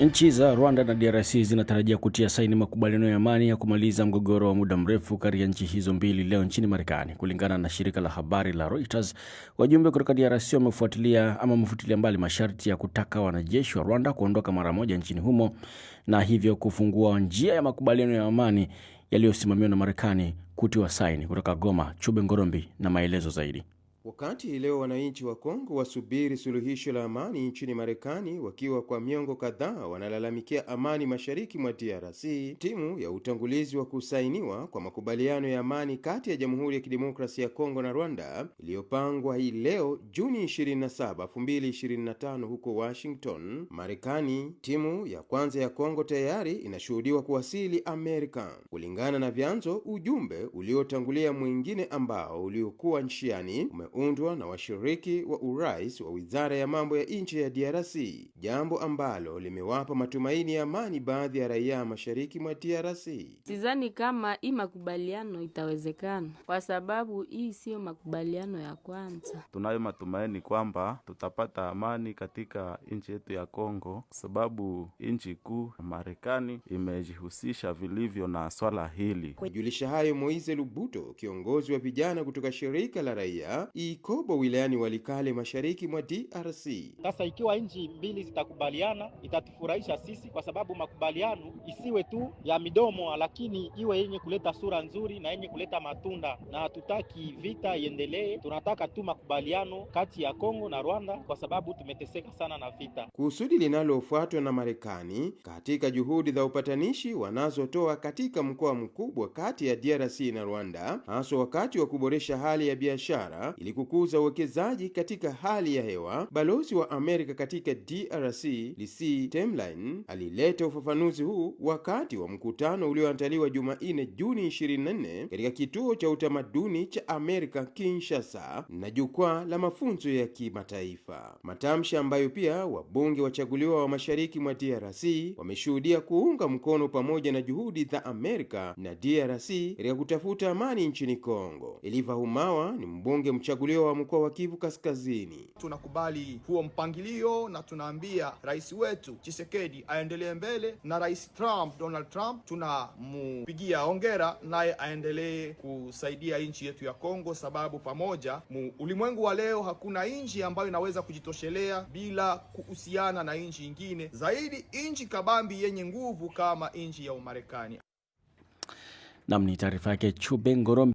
Nchi za Rwanda na DRC zinatarajia kutia saini makubaliano ya amani ya kumaliza mgogoro wa muda mrefu kati ya nchi hizo mbili leo nchini Marekani. Kulingana na shirika la habari la Reuters, wajumbe kutoka DRC wamefuatilia ama wamefutilia mbali masharti ya kutaka wanajeshi wa Rwanda kuondoka mara moja nchini humo na hivyo kufungua njia ya makubaliano ya amani yaliyosimamiwa na Marekani kutiwa saini. Kutoka Goma, Chube Ngorombi na maelezo zaidi. Wakati leo wananchi wa Kongo wasubiri suluhisho la amani nchini Marekani, wakiwa kwa miongo kadhaa wanalalamikia amani mashariki mwa DRC, timu ya utangulizi wa kusainiwa kwa makubaliano ya amani kati ya Jamhuri ya Kidemokrasia ya Kongo na Rwanda iliyopangwa hii leo Juni 27, 2025 huko Washington, Marekani, timu ya kwanza ya Kongo tayari inashuhudiwa kuwasili Amerika. Kulingana na vyanzo, ujumbe uliotangulia mwingine ambao uliokuwa nchiani imeundwa na washiriki wa urais wa wizara ya mambo ya nje ya DRC, jambo ambalo limewapa matumaini ya amani baadhi ya raia mashariki mwa DRC. Sidhani kama hii makubaliano itawezekana, kwa sababu hii siyo makubaliano ya kwanza. Tunayo matumaini kwamba tutapata amani katika nchi yetu ya Kongo, kwa sababu nchi kuu Marekani imejihusisha vilivyo na swala hili. Kujulisha hayo Moise Lubuto, kiongozi wa vijana kutoka shirika la raia Ikobo wilayani Walikale mashariki mwa DRC. Sasa ikiwa nchi mbili zitakubaliana itatufurahisha sisi, kwa sababu makubaliano isiwe tu ya midomo, lakini iwe yenye kuleta sura nzuri na yenye kuleta matunda, na hatutaki vita iendelee. Tunataka tu makubaliano kati ya Kongo na Rwanda, kwa sababu tumeteseka sana na vita. Kusudi linalofuatwa na Marekani katika juhudi za upatanishi wanazotoa katika mkoa mkubwa kati ya DRC na Rwanda, hasa wakati wa kuboresha hali ya biashara ili kukuza uwekezaji katika hali ya hewa, balozi wa Amerika katika DRC Lisi Temlin alileta ufafanuzi huu wakati wa mkutano ulioandaliwa Jumanne Juni 24 katika kituo cha utamaduni cha Amerika Kinshasa na jukwaa la mafunzo ya kimataifa, matamshi ambayo pia wabunge wachaguliwa wa mashariki mwa DRC wameshuhudia kuunga mkono pamoja na juhudi za Amerika na DRC katika kutafuta amani nchini Kongo. Eliva Humawa ni mbunge mchaguliwa uchaguliwa wa mkoa wa Kivu Kaskazini. Tunakubali huo mpangilio na tunaambia rais wetu Chisekedi aendelee mbele, na rais Trump, Donald Trump tunamupigia hongera, naye aendelee kusaidia nchi yetu ya Kongo, sababu pamoja mu ulimwengu wa leo hakuna nchi ambayo inaweza kujitoshelea bila kuhusiana na nchi nyingine, zaidi nchi kabambi yenye nguvu kama nchi ya Umarekani. Nam ni taarifa yake Chube